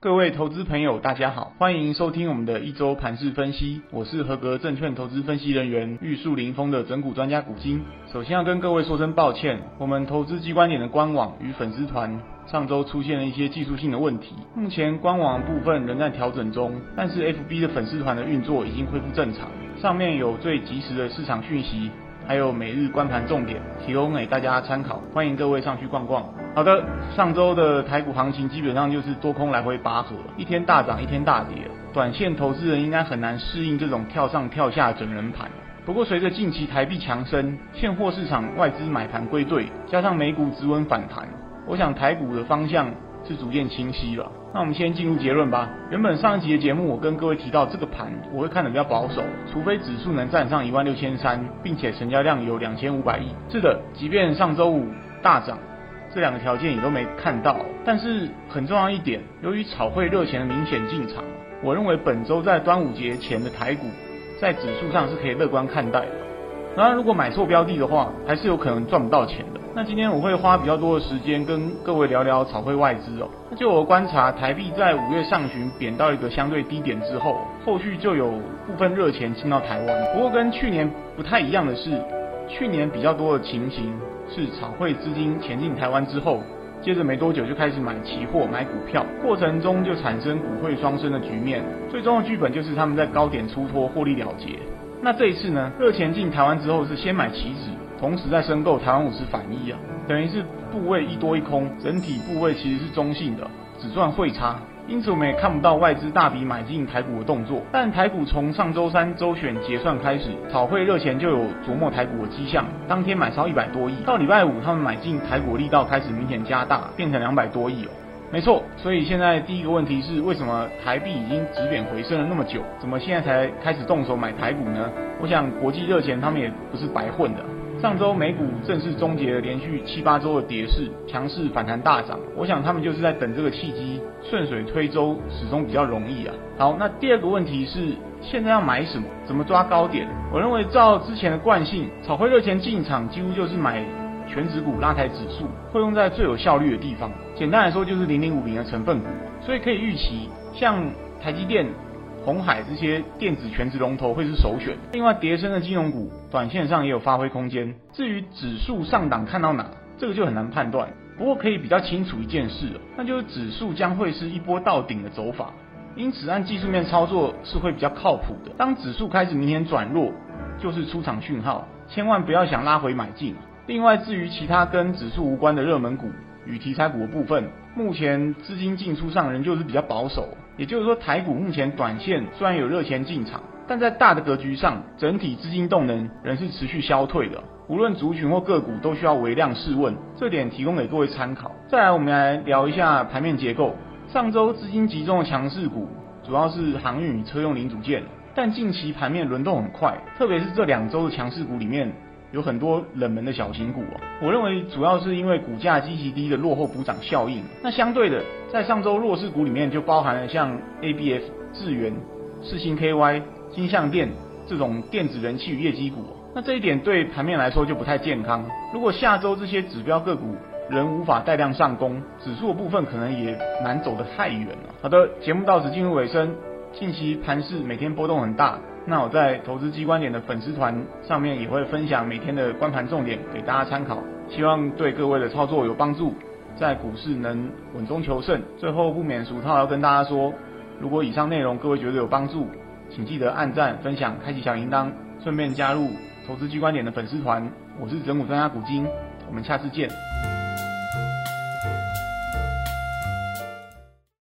各位投資朋友，大家好，歡迎收聽我們的一周盤勢分析。我是合格證券投資分析人員、玉樹臨風的整股專家古今。首先要跟各位說聲抱歉，我們投資 G 觀點的官網與粉絲團上周出現了一些技術性的問題，目前官網部分仍在調整中，但是 FB 的粉絲團的運作已經恢復正常，上面有最即時的市場訊息。還有每日觀盤重點提供給大家參考，歡迎各位上去逛逛。好的，上周的台股行情基本上就是多空來回拔河，一天大漲，一天大跌，短線投資人應該很難適應這種跳上跳下整人盤。不過隨着近期台幣強升，現貨市場外資買盤歸隊，加上美股止穩反彈，我想台股的方向。是逐漸清晰了。那我們先進入結論吧。原本上一集的節目，我跟各位提到，這個盤我會看得比較保守，除非指數能站上一萬六千三，並且成交量有兩千五百億。是的，即便上周五大漲，這兩個條件也都沒看到。但是很重要一點，由於炒匯熱錢的明顯進場，我認為本周在端午節前的台股在指數上是可以樂觀看待的。然而如果買錯標的的話，還是有可能賺不到錢的。那今天我會花比較多的時間跟各位聊聊炒匯外資哦。那就我觀察，台幣在五月上旬貶到一個相對低點之後，後續就有部分熱錢進到台灣。不過跟去年不太一樣的是，去年比較多的情形是炒匯資金前進台灣之後，接着沒多久就開始買期貨、買股票，過程中就產生股匯雙升的局面。最終的劇本就是他們在高點出脫獲利了結。那這一次呢？熱錢進台灣之後是先買期指。同時在申購台灣五十反一啊，等於是部位一多一空，整體部位其實是中性的，只賺匯差。因此我們也看不到外資大筆買進台股的動作。但台股從上周三周選結算開始，炒匯熱錢就有琢磨台股的跡象。當天買超一百多億，到禮拜五他們買進台股力道開始明顯加大，變成兩百多億哦。沒錯，所以現在第一個問題是，為什麼台幣已經止貶回升了那麼久，怎麼現在才開始動手買台股呢？我想國際熱錢他們也不是白混的。上週美股正式終結了連續七八周的跌勢，強勢反彈大漲。我想他們就是在等這個契機，順水推舟，始終比較容易啊。好，那第二個問題是，現在要買什麼？怎麼抓高點？我認為照之前的慣性，炒匯熱錢進場幾乎就是買權值股，拉抬指數，會用在最有效率的地方。簡單來說，就是零零五零的成分股。所以可以預期，像台積電。紅海這些電子全職龍頭會是首選，另外跌深的金融股，短線上也有發揮空間。至於指數上檔看到哪？這個就很難判斷。不過可以比較清楚一件事哦，那就是指數將會是一波到頂的走法，因此按技術面操作是會比較靠譜的。當指數開始明顯轉弱，就是出場訊號，千萬不要想拉回買進。另外，至於其他跟指數無關的熱門股與題材股的部分，目前資金進出上仍舊是比較保守。也就是說，台股目前短線雖然有熱錢進場，但在大的格局上，整體資金動能仍是持續消退的。無論族群或個股，都需要惟量是問，這點提供給各位參考。再來，我們來聊一下盤面結構。上週資金集中的強勢股主要是航運與車用零組件，但近期盤面輪動很快，特別是這兩週的強勢股裡面。有很多冷門的小型股啊，我認為主要是因為股價極低的落後補漲效應。那相對的，在上周弱勢股裡面就包含了像 ABF 智原、世芯 KY 金、金像電這種電子人氣與業績股。那這一點對盤面來說就不太健康。如果下周這些指標個股仍無法帶量上攻，指數的部分可能也難走得太遠了、啊。好的，節目到此進入尾聲。近期盤勢每天波動很大。那我在投資 G 觀點的粉絲團上面也會分享每天的觀盤重點給大家參考，希望對各位的操作有幫助，在股市能穩中求勝。最後不免俗套，要跟大家說，如果以上內容各位覺得有幫助，請記得按讚、分享、開啟小鈴鐺，順便加入投資 G 觀點的粉絲團。我是整股專家古今，我們下次見。